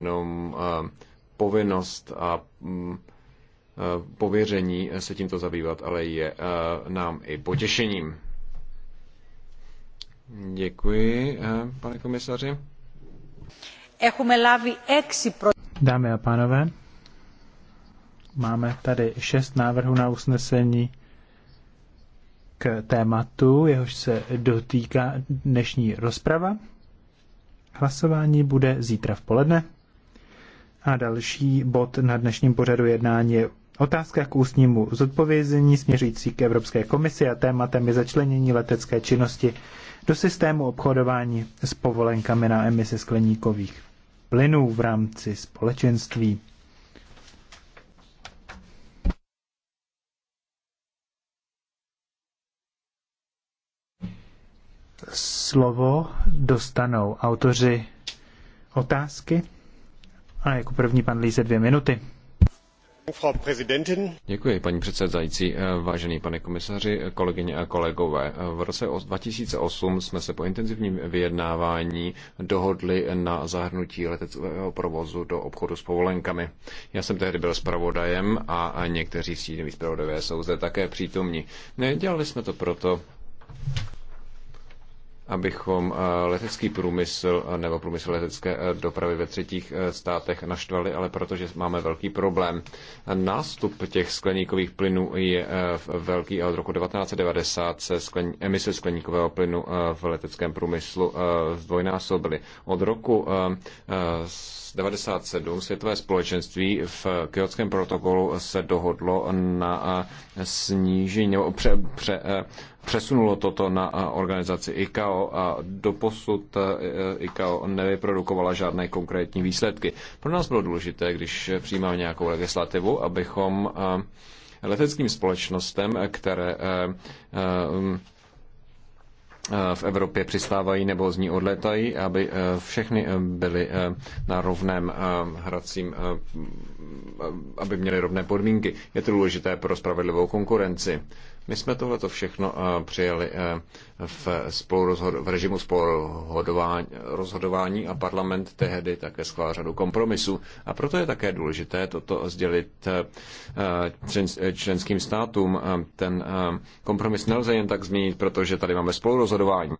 jenom eh, povinnost a mm, eh, pověření se tímto zabývat, ale je eh, nám i potěšením. Děkuji, pane komisaři. Dámy a pánové, máme tady šest návrhů na usnesení k tématu, jehož se dotýká dnešní rozprava. Hlasování bude zítra v poledne. A další bod na dnešním pořadu jednání je otázka k ústnímu zodpovězení směřící k Evropské komisi a tématem je začlenění letecké činnosti do systému obchodování s povolenkami na emise skleníkových plynů v rámci společenství. Slovo dostanou autoři otázky. A jako první pan Líze dvě minuty. Děkuji, paní předsedající, eh, vážený pane komisaři, kolegyně a kolegové. Eh, v roce 2008 jsme se po intenzivním vyjednávání dohodli na zahrnutí leteckého provozu do obchodu s povolenkami. Já jsem tehdy byl zpravodajem a někteří stínoví zpravodajové jsou zde také přítomní. Nedělali jsme to proto, abychom eh, letecký průmysl eh, nebo průmysl letecké eh, dopravy ve třetích státech naštvali, ale protože máme velký problém. Nástup těch skleníkových plynů je velký a od roku 1990 se sklen, emise skleníkového plynu v leteckém průmyslu zdvojnásobily. Od roku 1997 světové společenství v Kyotském protokolu se dohodlo na snížení nebo pře, pře, e, přesunulo toto na organizaci ICAO a doposud e, ICAO nevyprodukovala žádné konkrétní výsledky. Pro nás bylo důležité, když přijímáme nějakou legislativu, abychom leteckým společnostem, které e, Eh, v Evropě přistávají nebo z ní odletají, aby eh, všechny eh, byly na rovném hracím, aby měly rovné podmínky. Je to důležité pro spravedlivou konkurenci. My jsme tohleto všechno přijali v, v režimu rozhodování a parlament tehdy také schválil řadu kompromisů. A proto je také důležité toto sdělit členským státům. Ten kompromis nelze jen tak změnit, protože tady máme spolurozhodování rozhodování.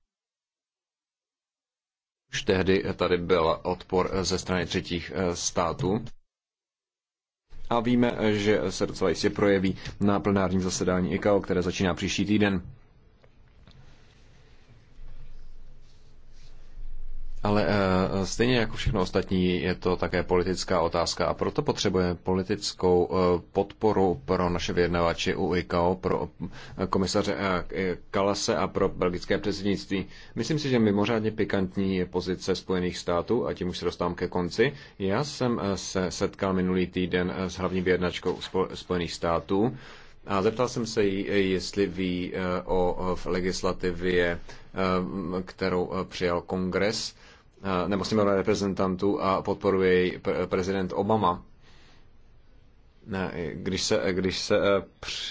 Už tehdy tady byl odpor ze strany třetích eh, států. A víme, že se docela jistě projeví na plenárním zasedání ICAO, které začíná příští týden. Ale eh, stejně jako všechno ostatní je to také politická otázka a proto potřebujeme politickou eh, podporu pro naše vyjednavači u ICAO, pro eh, komisaře Kalase a pro belgické předsednictví. Myslím si, že mimořádně pikantní je pozice Spojených států a tím už se dostávám ke konci. Já jsem se setkal minulý týden s hlavní vyjednačkou Spojených států a zeptal jsem se jí, jestli ví o v legislativě, kterou přijal kongres Eh, nebo sněmovna reprezentantů a podporuje jej prezident Obama. Když se, když, se,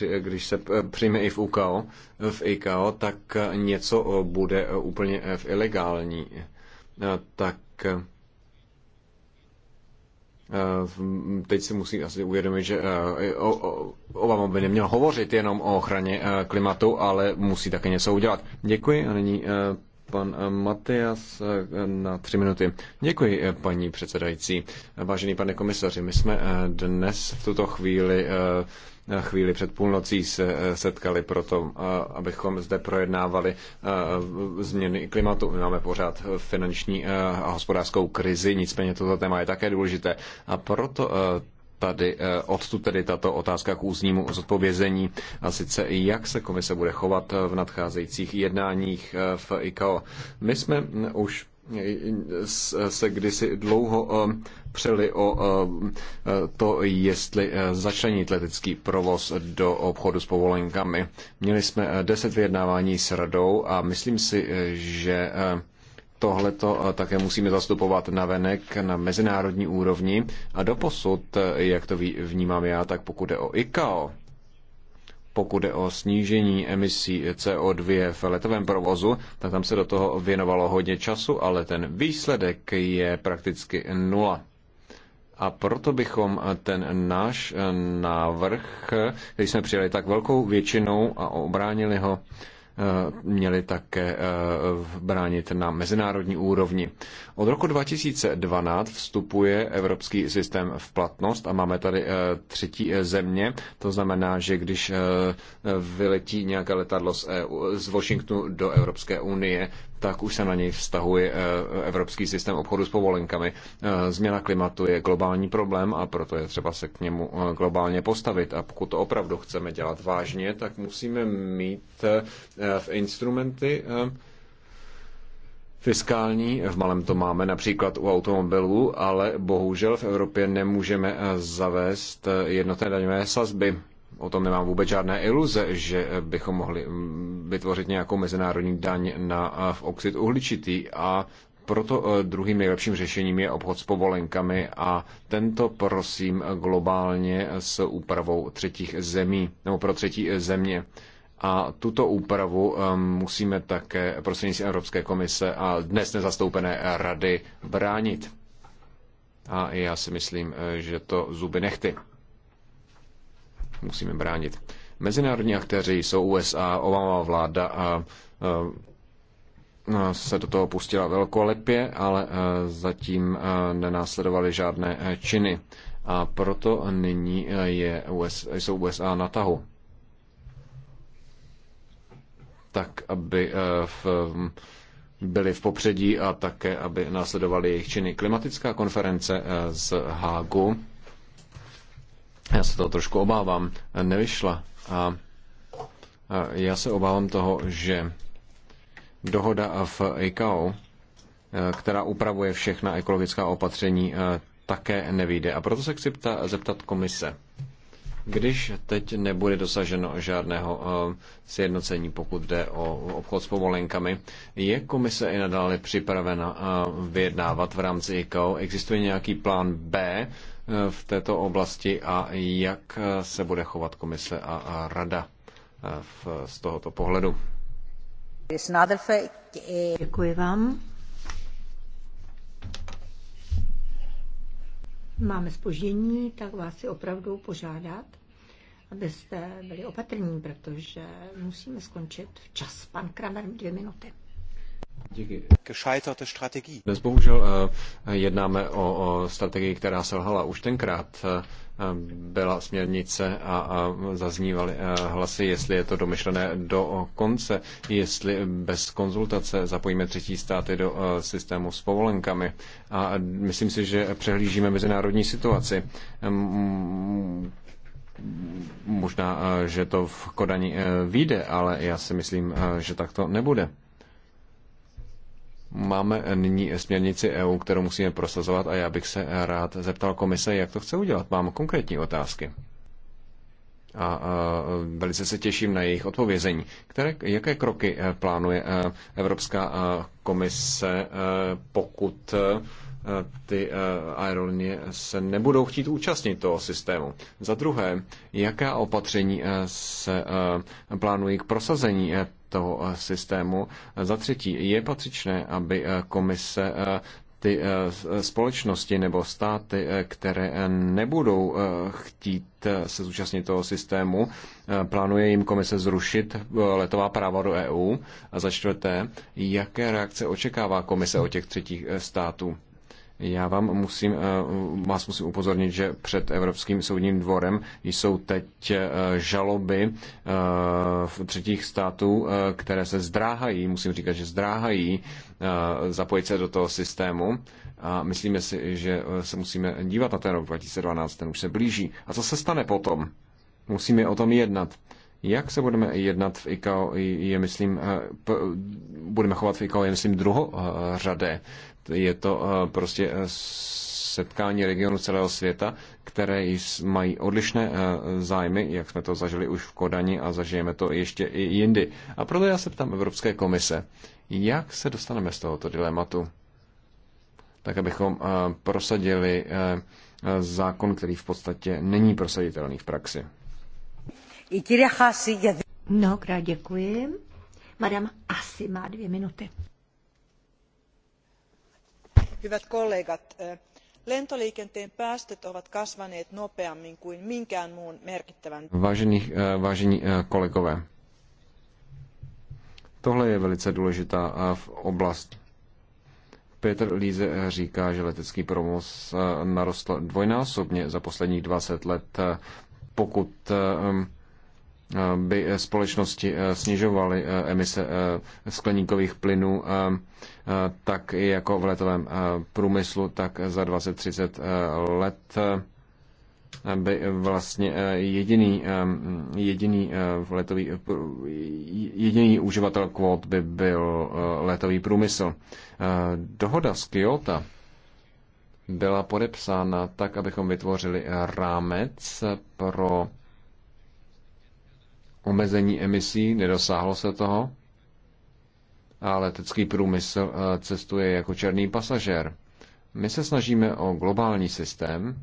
eh, když se eh, přijme i v UKO, v IKO, tak něco bude úplně v ilegální. Tak Teď si musí asi uvědomit, že Obama by neměl hovořit jenom o ochraně klimatu, ale musí také něco udělat. Děkuji a nyní Pan eh, Matias eh, na tři minuty. Děkuji, eh, paní předsedající. Vážený pane komisaři, my jsme dnes v tuto chvíli chvíli před půlnocí se setkali proto, abychom zde projednávali změny klimatu. My máme pořád finanční a hospodářskou krizi, nicméně toto téma je také důležité. A proto tady, eh, odtud tedy tato otázka k úznímu zodpovězení, a sice jak se komise bude chovat eh, v nadcházejících jednáních eh, v ICAO. My jsme mm, už se kdysi dlouho přeli o to, jestli začlenit letecký provoz do obchodu s povolenkami. Měli jsme deset vyjednávání s radou a myslím si, že tohleto eh, také musíme zastupovat na venek na mezinárodní úrovni. A doposud, eh, jak to vnímám já, tak pokud je o ICAO, pokud je o snížení emisí CO2 v letovém provozu, tak tam se do toho věnovalo hodně času, ale ten výsledek je prakticky nula. A proto bychom eh, ten náš návrh, který jsme přijali tak velkou většinou a obránili ho, měli také eh, bránit na mezinárodní úrovni. Od roku 2012 vstupuje evropský systém v platnost a máme tady eh, třetí eh, země. To znamená, že když eh, vyletí nějaké letadlo z, EU, z Washingtonu do Evropské unie, tak už se na něj vztahuje evropský systém obchodu s povolenkami. Změna klimatu je globální problém a proto je třeba se k němu globálně postavit. A pokud to opravdu chceme dělat vážně, tak musíme mít v instrumenty fiskální. V malém to máme například u automobilů, ale bohužel v Evropě nemůžeme eh, zavést eh, jednotné daňové sazby. O tom nemám vůbec žádné iluze, že eh, bychom mohli mm, vytvořit nějakou mezinárodní daň na v oxid uhličitý a proto druhým nejlepším řešením je obchod s povolenkami a tento prosím globálně s úpravou třetích zemí nebo pro třetí země a tuto úpravu ehm, musíme také prostřednictvím Evropské komise a dnes nezastoupené rady bránit. A já si myslím, eh, že to zuby nechty. Musíme bránit. Mezinárodní aktéři jsou USA, Obama vláda eh, a se do toho pustila velkolepě, ale eh, zatím nenásledovaly žádné činy. A proto nyní je US, jsou USA na tahu tak aby eh, v, mm, byli v popředí a také, aby následovali jejich činy. Klimatická konference eh, z Hágu, já se toho trošku obávám, nevyšla a eh, já se obávám toho, že dohoda v ICAO, která upravuje všechna ekologická opatření, také nevyjde. A proto se chci pta, zeptat komise. Když teď nebude dosaženo žádného eh, sjednocení, pokud jde o obchod s povolenkami, je komise i nadále připravena eh, vyjednávat v rámci ICAO? Existuje nějaký plán B eh, v této oblasti a jak se bude chovat komise a rada z tohoto pohledu? Děkuji vám. máme spoždění, tak vás si opravdu požádat, abyste byli opatrní, protože musíme skončit včas. Pan Kramer, dvě minuty gescheiterte Strategie. Dnes bohužel eh, jednáme o, o strategii, která selhala už tenkrát. Eh, byla směrnice a, a zaznívaly eh, hlasy, jestli je to domyšlené do konce, jestli bez konzultace zapojíme třetí státy do systému s povolenkami. A myslím si, že přehlížíme mezinárodní situaci možná, že to v Kodani vyjde, ale já si myslím, že tak to nebude. Máme nyní směrnici EU, kterou musíme prosazovat a já bych se rád zeptal komise, jak to chce udělat. Mám konkrétní otázky. A, a velice se těším na jejich odpovězení. Které, jaké kroky e, plánuje e, Evropská e, komise, pokud ty aerolinie se nebudou chtít účastnit toho systému. Za druhé, jaká opatření se plánují k prosazení toho eh, systému. Za třetí, je patřičné, aby eh, komise eh, ty společnosti nebo státy, které nebudou chtít se zúčastnit toho systému, plánuje jim komise zrušit letová práva do EU. A za čtvrté, jaké reakce očekává komise od těch třetích států? Já vám musím, eh, vás musím upozornit, že před Evropským soudním dvorem jsou teď eh, žaloby eh, v třetích států, které se zdráhají, musím říkat, že zdráhají zapojit se do toho systému. A myslíme si, že se musíme dívat na ten rok 2012, ten už se blíží. A co se stane potom? Musíme o tom jednat. Jak se budeme jednat v ICAO, je myslím, budeme chovat v ICAO, je myslím druhořadé je to eh, prostě eh, setkání regionů celého světa, které mají odlišné eh, zájmy, jak jsme to zažili už v Kodani a zažijeme to ještě i jindy. A proto já se ptám Evropské komise, jak se dostaneme z tohoto dilematu, tak abychom prosadili zákon, který v podstatě není prosaditelný v praxi. Mnohokrát děkuji. Madame asi má dvě minuty hyvät kollegat lentoliikenteen päästöt ovat kasvaneet nopeammin kuin minkään muun merkittävän. Vážení, vážení kolegové, tohle je velice důležitá oblast. Peter Líze eh, říká, že letecký provoz eh, narostl dvojnásobně za posledních 20 let. Eh, pokud by společnosti snižovaly emise skleníkových plynů, tak i jako v letovém eh, průmyslu, tak za 20-30 eh, let eh, by vlastně jediný, jediný, letový, jediný uživatel kvót by byl letový průmysl. Dohoda z Kyoto byla podepsána tak, abychom vytvořili rámec pro omezení emisí, nedosáhlo se toho a letecký průmysl eh, cestuje jako černý pasažér. My se snažíme o globální systém,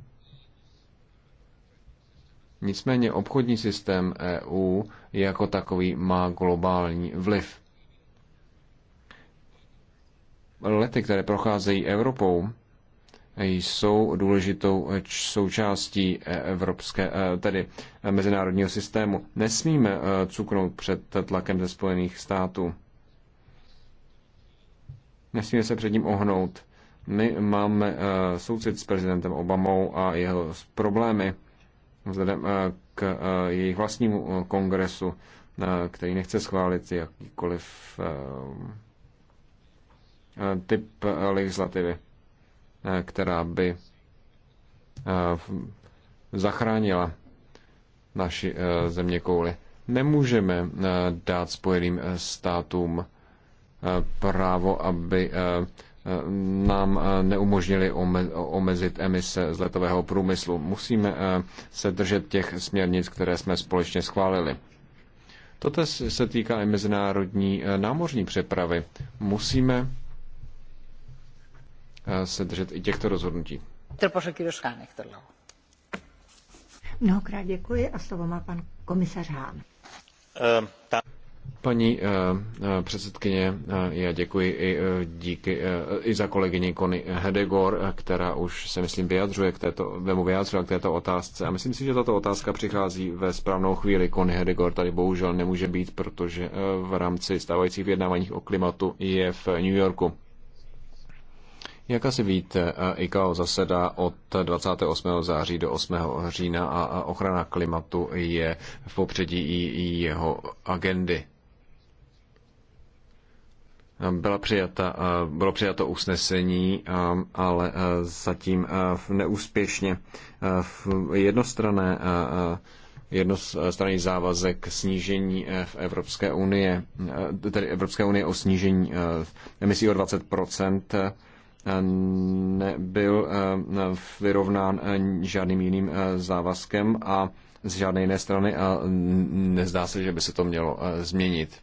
nicméně obchodní systém EU jako takový má globální vliv. Lety, které procházejí Evropou, jsou důležitou součástí e-, evropské, eh, tedy eh, mezinárodního systému. Nesmíme cuknout před tlakem ze Spojených států. Nesmíme se před ním ohnout. My máme eh, soucit s prezidentem Obamou a jeho problémy vzhledem eh, k eh, jejich vlastnímu kongresu, který nechce schválit jakýkoliv typ legislativy, která by zachránila naši země kouly. Nemůžeme dát Spojeným státům právo, aby eh, eh, nám eh, neumožnili omezit emise z letového průmyslu. Musíme se držet těch směrnic, které jsme společně schválili. Toto se týká i mezinárodní námořní přepravy. Musíme se držet i těchto rozhodnutí. Mnohokrát děkuji a slovo má pan komisař Hán. Paní eh, eh, předsedkyně, eh, já děkuji i, díky, i za kolegyni Kony Hedegor, která už se, myslím, vyjadřuje k této, vemu vyjadřuje k této otázce. A myslím si, že tato otázka přichází ve správnou chvíli. Kony Hedegor tady bohužel nemůže být, protože v rámci stávajících vyjednávání o klimatu je v New Yorku. Jak asi víte, ICAO zasedá od 28. září do 8. října a ochrana klimatu je v popředí i jeho agendy. Byla přijata, eh, bylo přijato usnesení, eh, ale eh, zatím neúspěšně. Jednostrané jednostranný závazek snížení v Evropské unie, tedy Evropské unie o snížení emisí o 20 nebyl vyrovnán žádným jiným závazkem a z žádné jiné strany a nezdá se, že by se to mělo změnit.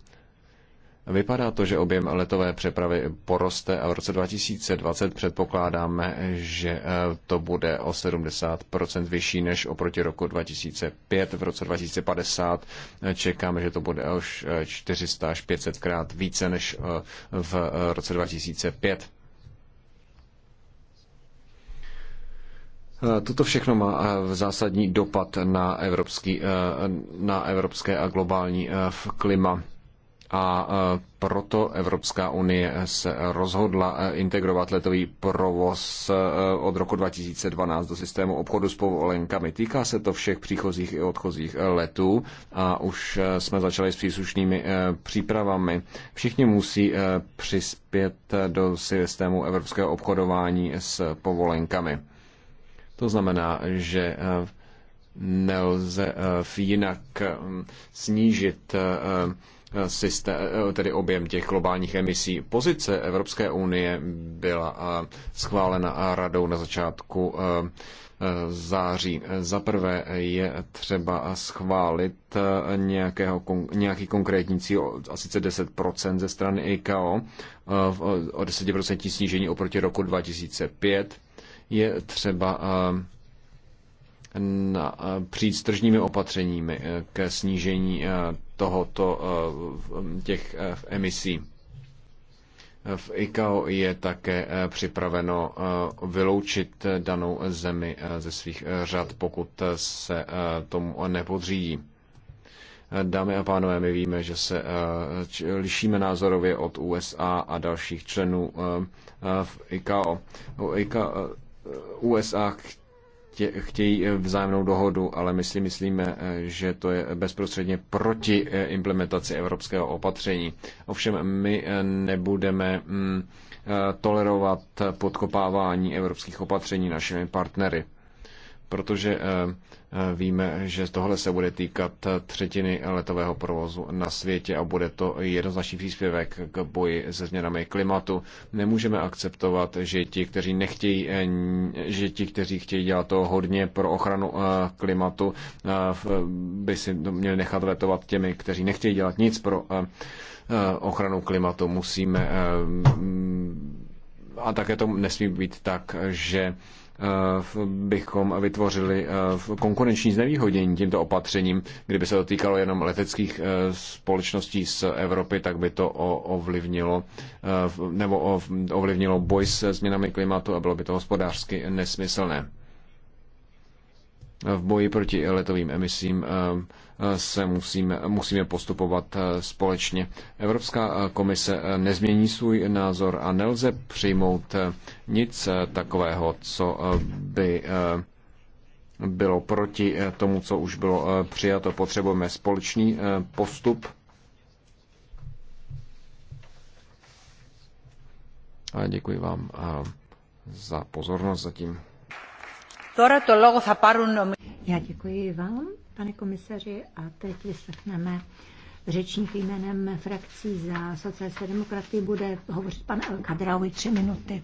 Vypadá to, že objem letové přepravy poroste a v roce 2020 předpokládáme, že eh, to bude o 70% vyšší než oproti roku 2005. V roce 2050 eh, čekáme, že to bude už 400 až 500 eh, krát více než v roce 2005. Toto všechno má zásadní dopad na, evropský, na evropské a globální klima a e, proto Evropská unie se rozhodla e, integrovat letový provoz e, od roku 2012 do systému obchodu s povolenkami. Týká se to všech příchozích i odchozích letů a už jsme začali s příslušnými přípravami. Všichni musí přispět do systému evropského obchodování s povolenkami. To znamená, že nelze jinak snížit Eh, systém, eh, tedy objem těch globálních emisí. Pozice Evropské unie byla eh, schválena radou na začátku září. Za prvé je třeba schválit nějakého, nějaký konkrétní cíl, a sice 10% ze strany ICAO, o 10% snížení oproti roku 2005. Je třeba na, přijít s tržními opatřeními ke snížení tohoto, eh, těch eh, emisí. V ICAO je také eh, připraveno vyloučit danou zemi ze svých řad, pokud se tomu nepodřídí. Dámy a pánové, my víme, že se lišíme názorově od USA a dalších členů v ICAO. USA chtějí eh, vzájemnou dohodu, ale my si myslíme, eh, že to je bezprostředně proti eh, implementaci evropského opatření. Ovšem my nebudeme mm, tolerovat podkopávání evropských opatření našimi partnery protože eh, eh, víme, že tohle se bude týkat eh, třetiny letového provozu na světě a bude to jednoznačný příspěvek k boji se změnami klimatu. Nemůžeme akceptovat, že ti, kteří nechtějí, že ti, kteří chtějí dělat to hodně pro ochranu klimatu, by si měli nechat vetovat těmi, kteří nechtějí dělat nic pro ochranu klimatu. Musíme a také to nesmí být tak, že bychom vytvořili eh, konkurenční znevýhodnění tímto opatřením. Kdyby se to týkalo jenom leteckých eh, společností z Evropy, tak by to ovlivnilo, eh, nebo ovlivnilo boj se změnami klimatu a bylo by to hospodářsky nesmyslné v boji proti letovým emisím eh, eh, se musíme, musíme postupovat eh, společně. Evropská komise nezmění svůj názor a nelze přijmout nic takového, co by bylo proti tomu, co už bylo přijato. Potřebujeme společný postup. A děkuji vám za pozornost zatím. Já děkuji vám, pane komisaři, a teď vyslechneme řečník jménem frakcí za sociální demokraty bude hovořit pan El Kadraoui tři minuty.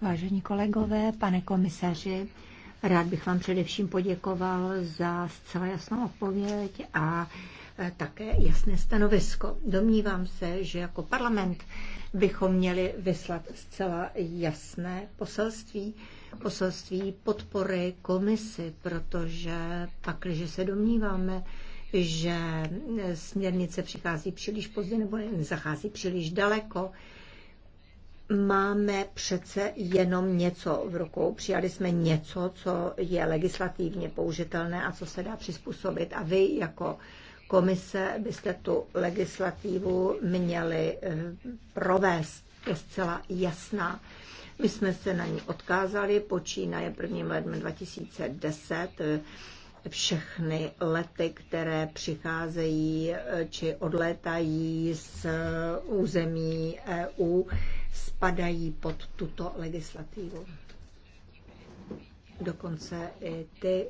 Vážení kolegové, pane komisaři, rád bych vám především poděkoval za zcela jasnou odpověď a Eh, také jasné stanovisko. Domnívám se, že jako parlament bychom měli vyslat zcela jasné poselství, poselství podpory komisi, protože pak, když se domníváme, že směrnice přichází příliš pozdě nebo zachází příliš daleko, máme přece jenom něco v rukou. Přijali jsme něco, co je legislativně použitelné a co se dá přizpůsobit. A vy jako komise byste tu legislativu měli eh, provést. Je zcela jasná. My jsme se na ní odkázali, počínaje 1. lednem 2010 všechny lety, které přicházejí eh, či odlétají z eh, území EU, spadají pod tuto legislativu. Dokonce i ty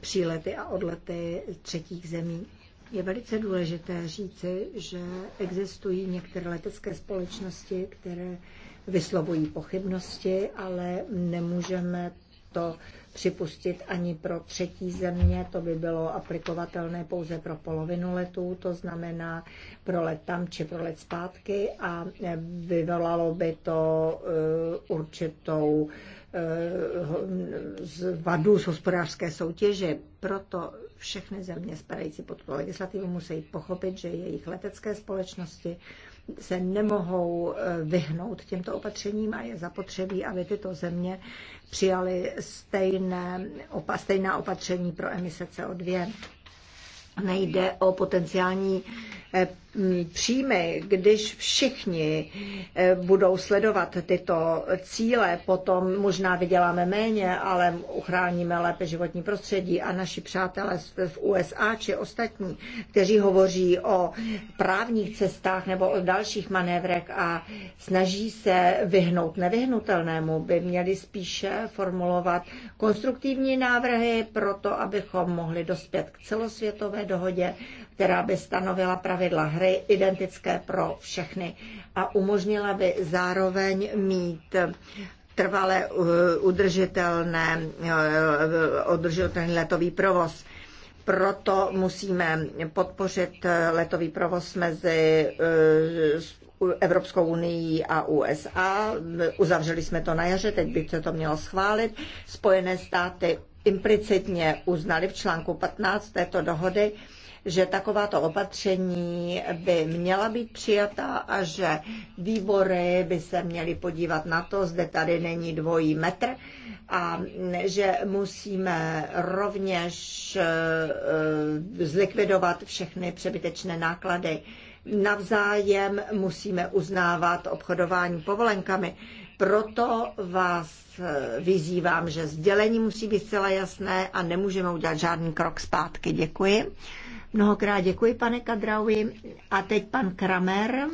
přílety a odlety třetích zemí. Je velice důležité říci, že existují některé letecké společnosti, které vyslovují pochybnosti, ale nemůžeme to připustit ani pro třetí země, to by bylo aplikovatelné pouze pro polovinu letů, to znamená pro let tam či pro let zpátky a vyvolalo by to eh, určitou Eh, z vadu z hospodářské soutěže. Proto všechny země spadající pod tuto legislativu musí pochopit, že jejich letecké společnosti se nemohou eh, vyhnout těmto opatřením a je zapotřebí, aby tyto země přijaly stejné, opa, stejná opatření pro emise CO2. Nejde o potenciální Eh, mm, příjmy, když všichni eh, budou sledovat tyto cíle, potom možná vyděláme méně, ale uchráníme lépe životní prostředí a naši přátelé v USA či ostatní, kteří hovoří o právních cestách nebo o dalších manévrech a snaží se vyhnout nevyhnutelnému, by měli spíše formulovat konstruktivní návrhy pro to, abychom mohli dospět k celosvětové dohodě která by stanovila pravidla hry identické pro všechny a umožnila by zároveň mít trvale uh, udržitelné, uh, udržitelný letový provoz. Proto musíme podpořit uh, letový provoz mezi Evropskou unii a USA. Uzavřeli jsme to na jaře, teď by se to mělo schválit. Spojené státy implicitně uznali v článku 15 této dohody, že takováto opatření by měla být přijata a že výbory by se měly podívat na to, zde tady není dvojí metr a že musíme rovněž eh, zlikvidovat všechny přebytečné náklady. Navzájem musíme uznávat obchodování povolenkami. Proto vás eh, vyzývám, že sdělení musí být zcela jasné a nemůžeme udělat žádný krok zpátky. Děkuji. Mnohokrát děkuji, pane Kadraui. A teď pan Kramer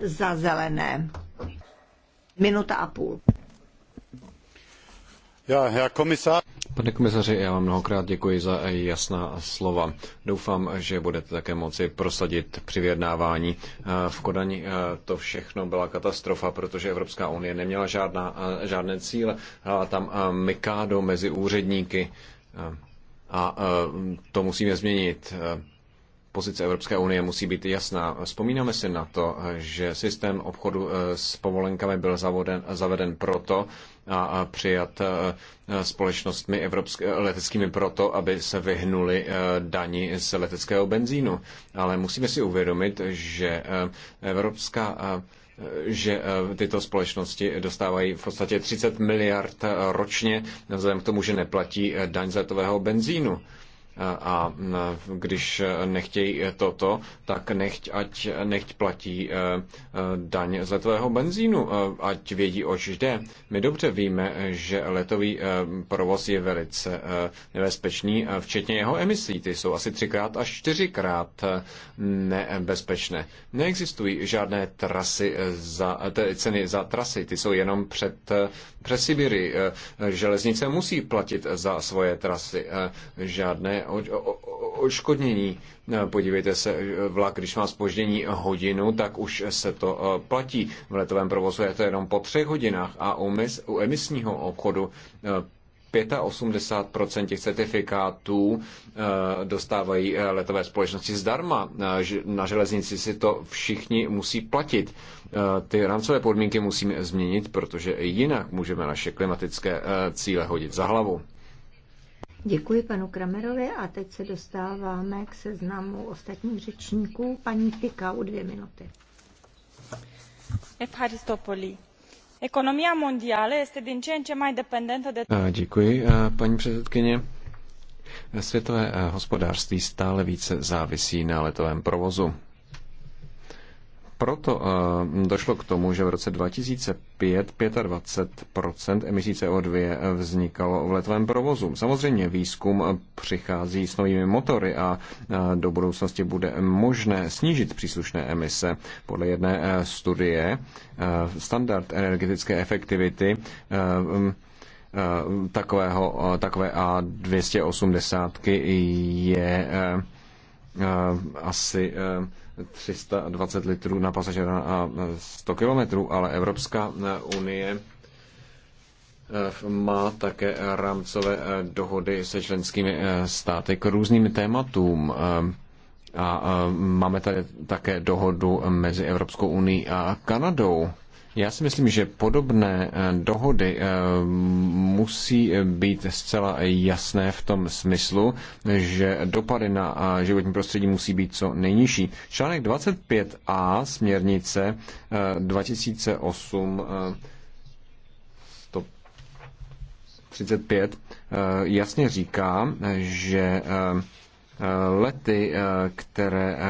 za zelené. Minuta a půl. Já, já komisář. Pane komisaři, já vám mnohokrát děkuji za jasná slova. Doufám, že budete také moci prosadit při vyjednávání. Eh, v Kodani eh, to všechno byla katastrofa, protože Evropská unie neměla žádná, eh, žádné cíle. Hala tam Mikádo mezi úředníky. A e, to musíme změnit. E, pozice Evropské unie musí být jasná. Vzpomínáme si na to, že systém obchodu e, s povolenkami byl zaveden, zaveden proto a přijat společnostmi evropské, leteckými proto, aby se vyhnuli dani z leteckého benzínu. Ale musíme si uvědomit, že Evropská že eh, tyto společnosti dostávají v podstatě 30 miliard eh, ročně, vzhledem k tomu, že neplatí eh, daň z letového benzínu. A když nechtějí toto, tak nechť, ať, nechť platí e, e, daň z letového benzínu, e, ať vědí, oč jde. My dobře víme, že letový provoz je velice nebezpečný, včetně jeho emisí. Ty jsou asi třikrát až čtyřikrát nebezpečné. Neexistují žádné trasy za, ceny za trasy, ty jsou jenom před, přes Sibiry. Železnice musí platit za svoje trasy. Žádné o, o, oškodnění. Podívejte se, vlak, když má spoždění hodinu, tak už se to eh, platí. V letovém provozu je to jenom po třech hodinách a u, mis, u emisního obchodu 85% eh, těch certifikátů eh, dostávají letové společnosti zdarma. Na železnici si to všichni musí platit. Ty rámcové podmínky musíme změnit, protože jinak můžeme naše klimatické cíle hodit za hlavu. Děkuji panu Kramerovi a teď se dostáváme k seznamu ostatních řečníků. Paní Tyka u dvě minuty. Děkuji, paní předsedkyně. Světové hospodářství stále více závisí na letovém provozu proto eh, došlo k tomu, že v roce 2005 25 emisí CO2 eh, vznikalo v letovém provozu. Samozřejmě výzkum eh, přichází s novými motory a do budoucnosti bude možné snížit příslušné emise. Podle jedné studie standard energetické efektivity mm, takového, takové A280 je asi 320 litrů na pasažera a 100 kilometrů, ale Evropská unie eh, má také rámcové eh, dohody se členskými eh, státy k různým tématům. A máme tady také dohodu mezi Evropskou unii a Kanadou já si myslím, že podobné eh, dohody eh, musí být zcela jasné v tom smyslu, že dopady na eh, životní prostředí musí být co nejnižší. Článek 25a směrnice 2008 135 jasně říká, že lety, eh, které eh,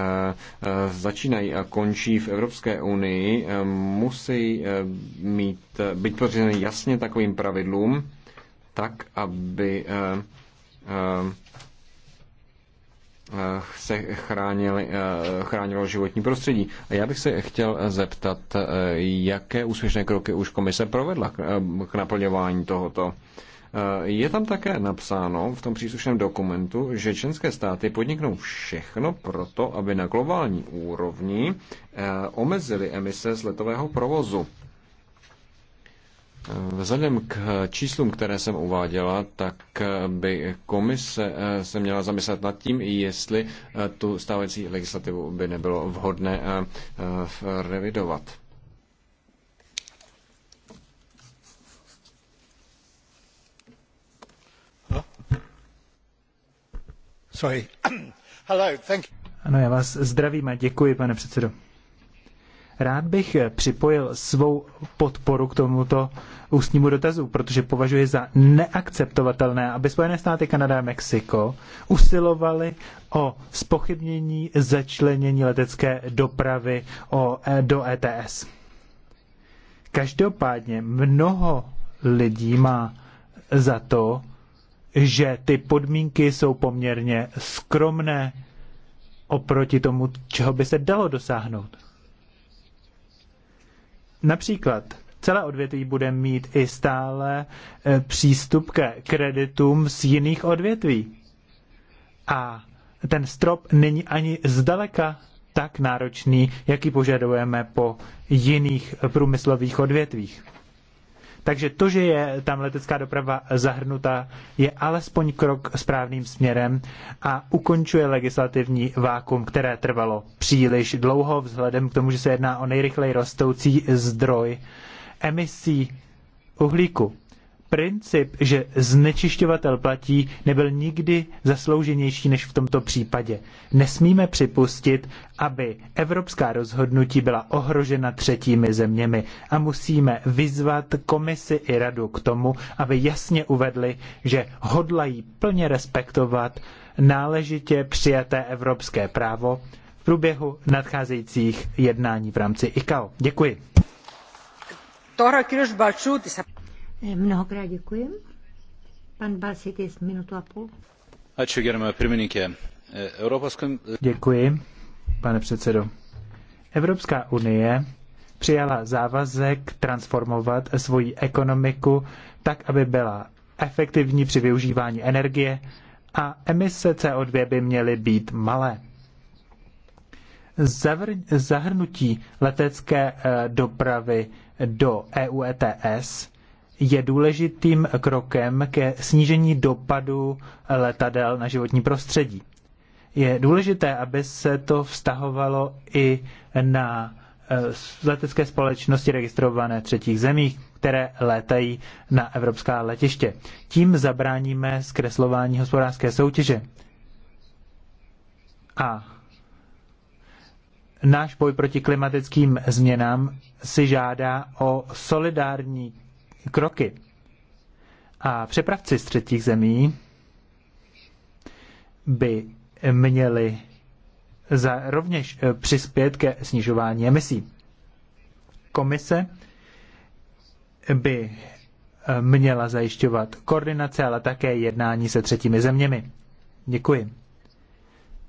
začínají a končí v Evropské unii, eh, musí mít, být podřízeny jasně takovým pravidlům, tak, aby se chránili, chránilo životní prostředí. A já bych se chtěl zeptat, jaké úspěšné kroky už komise provedla k naplňování tohoto Eh, je tam také napsáno v tom příslušném dokumentu, že členské státy podniknou všechno proto, aby na globální úrovni eh, omezily emise z letového provozu. Eh, vzhledem k číslům, které jsem uváděla, tak by komise se měla zamyslet nad tím, jestli tu stávající legislativu by nebylo vhodné revidovat. Sorry. Hello, thank you. Ano, já vás zdravím a děkuji, pane předsedo. Rád bych připojil svou podporu k tomuto ústnímu dotazu, protože považuji za neakceptovatelné, aby Spojené státy, Kanada a Mexiko usilovali o spochybnění začlenění letecké dopravy o, e, do ETS. Každopádně mnoho lidí má za to, že ty podmínky jsou poměrně skromné oproti tomu, čeho by se dalo dosáhnout. Například celé odvětví bude mít i stále eh, přístup ke kreditům z jiných odvětví. A ten strop není ani zdaleka tak náročný, jaký požadujeme po jiných průmyslových odvětvích. Takže to, že je tam letecká doprava zahrnuta, je alespoň krok správným směrem a ukončuje legislativní vákum, které trvalo příliš dlouho vzhledem k tomu, že se jedná o nejrychleji rostoucí zdroj emisí uhlíku princip, že znečišťovatel platí, nebyl nikdy zaslouženější než v tomto případě. Nesmíme připustit, aby evropská rozhodnutí byla ohrožena třetími zeměmi a musíme vyzvat komisi i radu k tomu, aby jasně uvedli, že hodlají plně respektovat náležitě přijaté evropské právo v průběhu nadcházejících jednání v rámci ICAO. Děkuji. Mnohokrát děkuji. Pan Balsitis, minutu a půl. Ačiū, gerbiamą pirmininkė. Europos... Děkuji, pane předsedo. Evropská unie přijala závazek transformovat svoji ekonomiku tak, aby byla efektivní při využívání energie a emise CO2 by měly být malé. Zavr- zahrnutí letecké eh, dopravy do EU ETS je důležitým krokem ke snížení dopadu letadel na životní prostředí. Je důležité, aby se to vztahovalo i na eh, letecké společnosti registrované třetích zemích, které létají na evropská letiště. Tím zabráníme zkreslování hospodářské soutěže. A náš boj proti klimatickým změnám si žádá o solidární kroky. A přepravci z třetích zemí by měli za rovněž eh, přispět ke snižování emisí. Komise by eh, měla zajišťovat koordinace, ale také jednání se třetími zeměmi. Děkuji.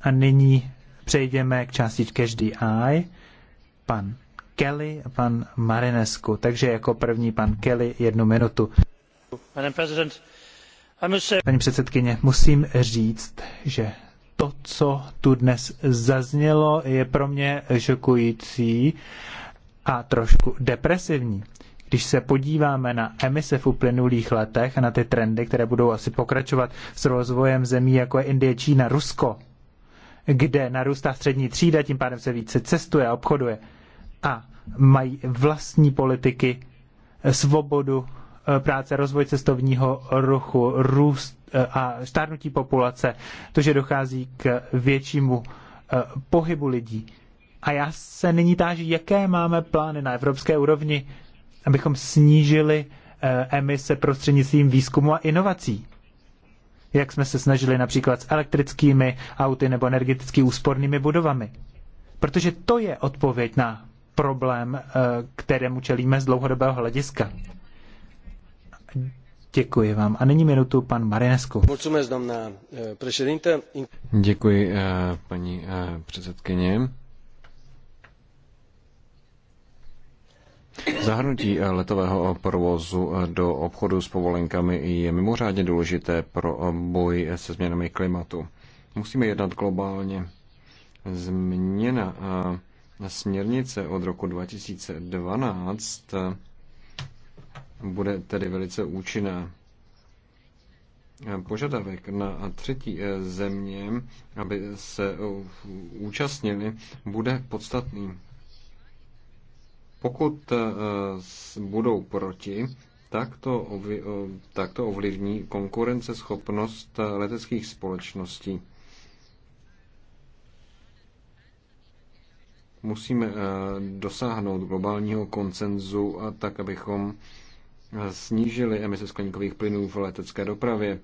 A nyní přejdeme k části Cash DI. Pan Kelly a pan Marinescu. Takže jako první pan Kelly jednu minutu. Paní předsedkyně, musím říct, že to, co tu dnes zaznělo, je pro mě šokující a trošku depresivní. Když se podíváme na emise v uplynulých letech a na ty trendy, které budou asi pokračovat s rozvojem zemí, jako je Indie, Čína, Rusko, kde narůstá střední třída, tím pádem se více cestuje a obchoduje, a mají vlastní politiky, svobodu eh, práce, rozvoj cestovního ruchu, růst eh, a stárnutí populace, to, že dochází k většímu eh, pohybu lidí. A já se nyní táží, jaké máme plány na evropské úrovni, abychom snížili emise prostřednictvím výzkumu a inovací. Jak jsme se snažili například s elektrickými auty nebo energeticky úspornými budovami. Protože to je odpověď na problém, eh, kterému čelíme z dlouhodobého hlediska. Děkuji vám. A nyní minutu pan Marinescu. Eh, Děkuji, eh, paní předsedkyně. Zahrnutí letového provozu do obchodu s povolenkami je mimořádně důležité pro boj se změnami klimatu. Musíme jednat globálně. Změna směrnice od roku 2012 eh, bude tedy velice účinná. Eh, požadavek na třetí eh, země, aby se účastnili, bude podstatný. Pokud budou proti, tak to, ovlivní, tak to ovlivní konkurenceschopnost leteckých společností. Musíme eh, dosáhnout globálního koncenzu a tak, abychom eh, snížili emise skleníkových plynů v letecké dopravě.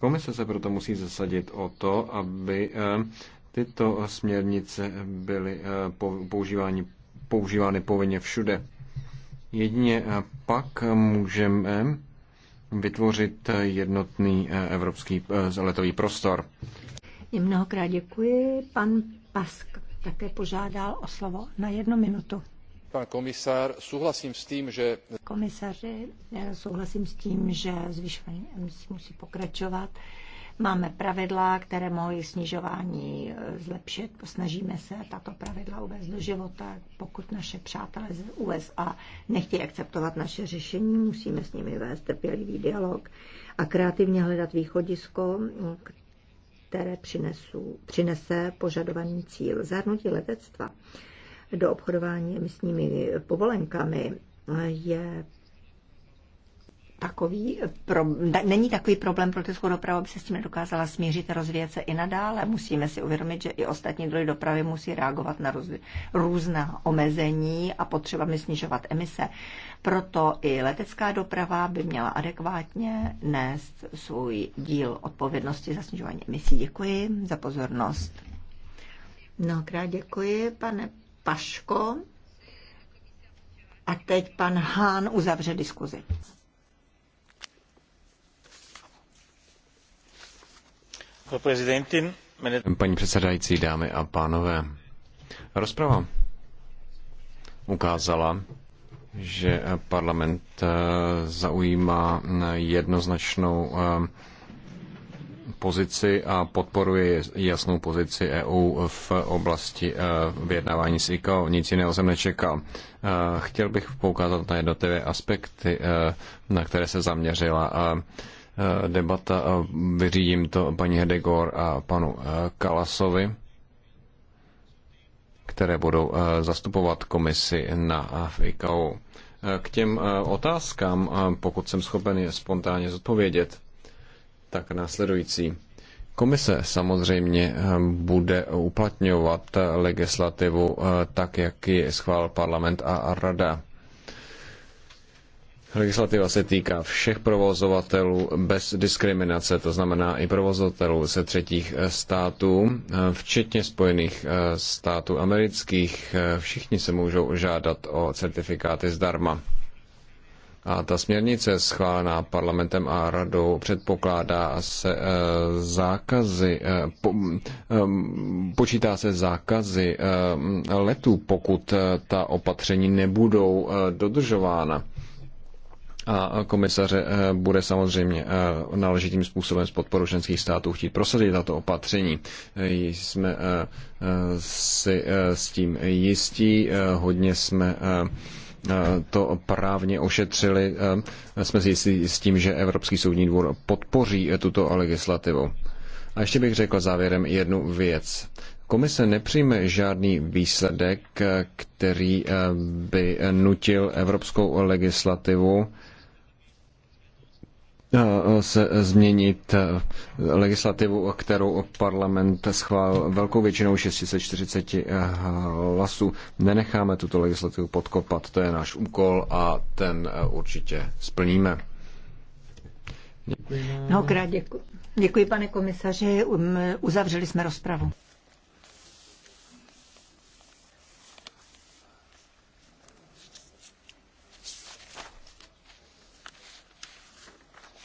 Komise se proto musí zasadit o to, aby eh, tyto směrnice byly používány, používány povinně všude. Jedině pak můžeme vytvořit jednotný evropský letový prostor. Mnohokrát děkuji. Pan Pask také požádal o slovo na jednu minutu. Pan komisár, souhlasím s tím, že... Komisaři, souhlasím s tím, že zvyšování emisí musí pokračovat. Máme pravidla, které mohou snižování eh, zlepšit. Snažíme se tato pravidla uvést do života. Pokud naše přátelé z USA nechtějí akceptovat naše řešení, musíme s nimi vést trpělivý dialog a kreativně hledat východisko, které přinesu, přinese požadovaný cíl. Zahrnutí letectva do obchodování emisními povolenkami je takový pro, není takový problém pro českou dopravu, aby se s tím dokázala smířit a rozvíjet se i nadále. Musíme si uvědomit, že i ostatní druhy dopravy musí reagovat na roz, různá omezení a potřebami snižovat emise. Proto i letecká doprava by měla adekvátně nést svůj díl odpovědnosti za snižování emisí. Děkuji za pozornost. Mnohokrát děkuji, pane Paško. A teď pan Hán uzavře diskuzi. Paní předsedající, dámy a pánové, rozprava ukázala, že parlament eh, zaujímá jednoznačnou eh, pozici a podporuje jasnou pozici EU v oblasti eh, vyjednávání s ICAO. Nic jiného jsem nečekal. Chtěl bych poukázat na jednotlivé aspekty, na které se zaměřila Eh, debata. Vyřídím to paní Hedegor a panu eh, Kalasovi, které budou eh, zastupovat komisi na ICAO. K těm otázkám, pokud jsem schopen je spontánně zodpovědět, tak následující. Komise samozřejmě bude uplatňovat legislativu tak, jak ji schvál parlament a rada. Legislativa se týká všech provozovatelů bez diskriminace, to znamená i provozovatelů ze třetích eh, států, eh, včetně Spojených eh, států amerických. Všichni se můžou žádat o certifikáty zdarma. A ta směrnice schválená parlamentem a radou předpokládá se e, zákazy, e, po, e, počítá se zákazy e, letů, pokud ta opatření nebudou e, dodržována a komisaře eh, bude samozřejmě eh, náležitým způsobem z podporu členských států chtít prosadit tato opatření. Eh, jsme si s tím jistí, hodně jsme to právně ošetřili. Jsme si jistí s tím, že Evropský soudní dvůr podpoří tuto legislativu. A ještě bych řekl závěrem jednu věc. Komise nepřijme žádný výsledek, který by nutil evropskou legislativu Eh, se změnit eh, legislativu, kterou parlament schválil velkou většinou 640 eh, hlasů. Nenecháme tuto legislativu podkopat, to je náš úkol a ten určitě splníme. Děkuji. Mnohokrát děkuji. Děkuji, pane komisaři. Um, uzavřeli jsme rozpravu.